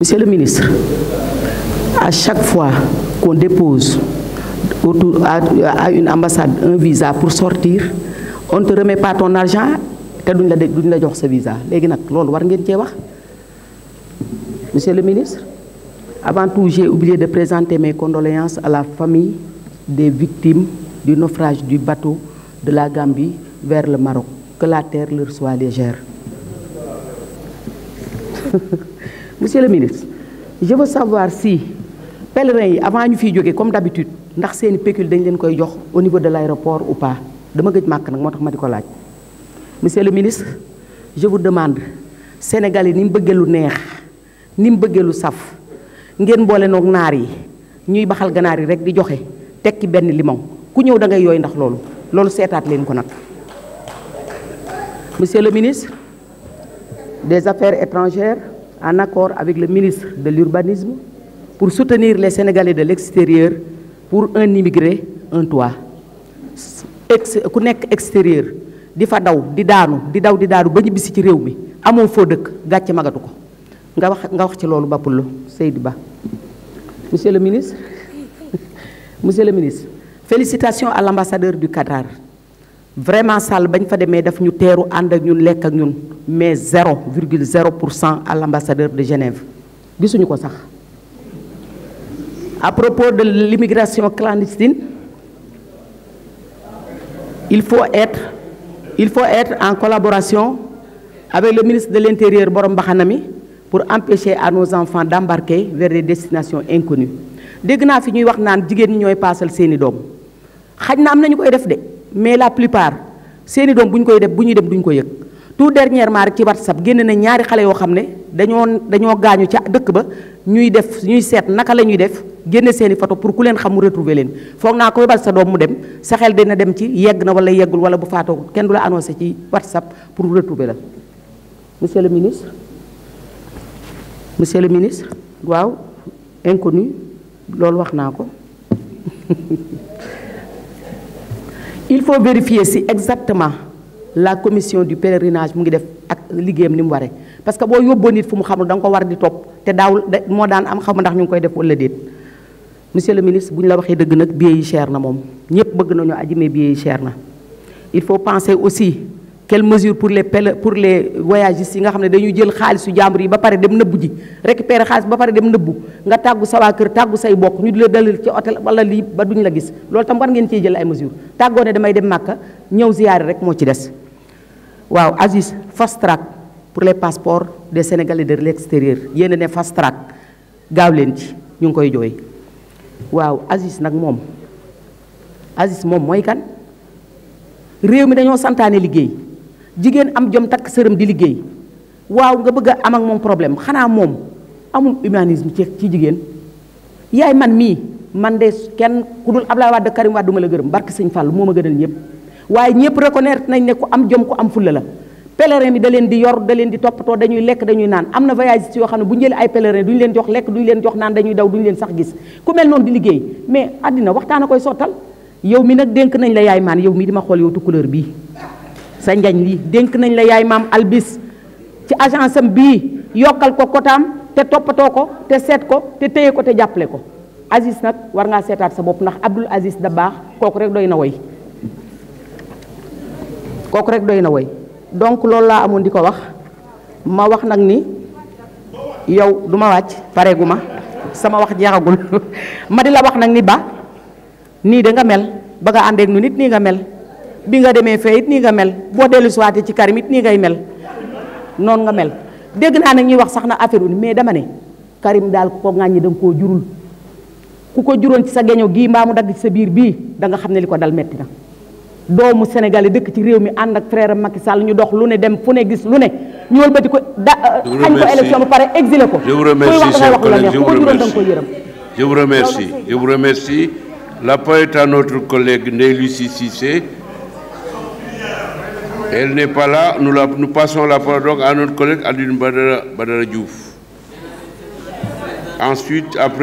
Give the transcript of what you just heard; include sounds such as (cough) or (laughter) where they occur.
Monsieur le ministre, à chaque fois qu'on dépose à, une ambassade un visa pour sortir, on ne te remet pas ton argent pour tu ce visa ce que Monsieur le ministre, avant tout, j'ai oublié de présenter mes condoléances à la famille des victimes du naufrage du bateau de la Gambie vers le Maroc. Que la terre leur soit légère. (laughs) monsieur le ministre je veux savoir si pèlerins yi avant ñu fiy jógee comme d'habitude ndax seeni pécule dañ leen koy jox au niveau de l'aéroport ou pas dama gëj màkk nag moo tax ma di ko laaj monsieur le ministre je vous demande Sénégal yi ni mu bëggee lu neex ni mu bëggee lu saf ngeen boole noog naar yi ñuy baxal ganaar yi rek di joxe tekki benn limon ku ñëw da ngay yooyu ndax loolu loolu seetaat leen ko nag monsieur le ministre des affaires étrangères en accord avec le ministre de l'Urbanisme, pour soutenir les Sénégalais de l'extérieur pour un immigré, un toit. ex ku nek extérieur di fa daw di daanu di daw di daanu bañu ñibbisi ci réew mi amoo foo dëkk gàcce magatu ko nga wax nga wax ci loolu Bapoulo Seydi Ba. monsieur le ministre (laughs) monsieur le ministre félicitations à l'ambassadeur du Qatar vraiment ça, bañ fa demee daf ñu téru and ak ñun lek ak ñun mais zéro virgule zéro pour à l'ambassadeur de Genève gisuñu ko sax à propos de l'immigration clandestine il faut être il faut être en collaboration avec le ministre de l'Intérieur borom Bahanami pour empêcher à nos enfants d'embarquer vers des destinations inconnues dégg na fi ñuy wax naan jigéen ñi ñooy paasal seeni doom am def de mais la plupart seeni doom buñ bunyi koy def buñu dem duñ ko yek tout dernièrement rek ci whatsapp genn na ñaari xalé yo xam dañoo dañoo gaañu ca dëkk ba ñuy def ñuy sét naka lañuy def genn seeni photo pour ku leen xam mu retrouver leen foog na ko yebal sa doom mu dem sa xel dina dem ci yegg na wala yeggul wala bu faato kenn dula annoncer ci whatsapp pour retrouver la monsieur le ministre monsieur le ministre waaw inconnu wax (laughs) il faut vérifier si exactement la commission du pèlerinage mu def ak ni parce que si yóbboo nit fu mu xamul war di top vous avez mo daan am xam ndax ñu koy def monsieur le ministre vous la waxé vous nak yi cher na mom ñepp bëgg nañu aji yi cher il faut penser aussi quelle mesure pour les pour les voyagistes yi nga xamné dañu dañuy jël xaalisu jàmbur yi ba paré dem nëbbu ji récupérer xaalis ba paré dem neub nga tàggu sa wa kër tàggu say bok ñu di la dalal ci hôtel wala li ba duñ la gis loolu tam war ngeen ci jël ay mesure tàggoo ne damay dem Màkka ñew ziyaare rek mo ci dess waaw Aziz fast track pour les passeports des Sénégalais de l'extérieur yene né fast track gaaw leen ci ñu koy jooy waaw Aziz nak mom Aziz mom moy kan réew mi dañoo santaane liggéey jigéen am jom takk sëram di liggéey waaw nga bëgg a am moom problème xanaa moom amul humanisme ci ci jigéen yaay man mii man de kenn ku dul Ablaye Wade Karim Wade du ma la gërëm barke sëñ Fall moo ma gënal ñëpp waaye ñëpp reconnaître nañ ne ku am jom ku am fulla la pèlerin bi da leen di yor da leen di toppatoo dañuy lekk dañuy naan am na voyagiste yoo xam ne bu ñu jëlee ay leen jox lekk duñu leen jox naan dañuy daw duñu leen sax gis ku mel noonu di liggéey mais àddina waxtaan a koy yow mi nag dénk nañ la yaay maan yow mi dima xool tu couleur bii sa njañ li denk nañ la yaay mam albis ci agence am bi yokal ko kotam te topato ko te set ko te teye ko te jàppale ko Aziz nak war nga setat sa bop nak abdul Aziz da bax kooku rek doyna way woy rek doyna way donc lool la diko wax ma wax nak ni yow duma wacc sama wax jeexagul (laughs) ma di la wax nak ni ba ni de nga mel ba nga àndeeg nit ni nga mel bi nga demee fee it nii nga mel boo dellu si waatee ci Karim it nii ngay mel noonu nga mel dégg naa nag ñuy wax sax na affaire wu mais dama ne Karim daal ko ŋàññi da nga koo jurul ku ko juróon ci sa geño gii mbaamu mu dagg ci sa biir bii da nga xam ne li ko dal metti na doomu Sénégal yi dëkk ci réew mi ànd ak frère Macky Sall ñu dox lu ne dem fu ne gis lu ne ñu wëlbati ko da xañ ko élection ba pare exilé ko. je vous remercie chers collègues je vous remercie je vous remercie La parole est à notre collègue Ndeye Lucie Cissé. Elle n'est pas là. Nous, passons la parole à notre collègue Aline Badara, Badara Ensuite, après.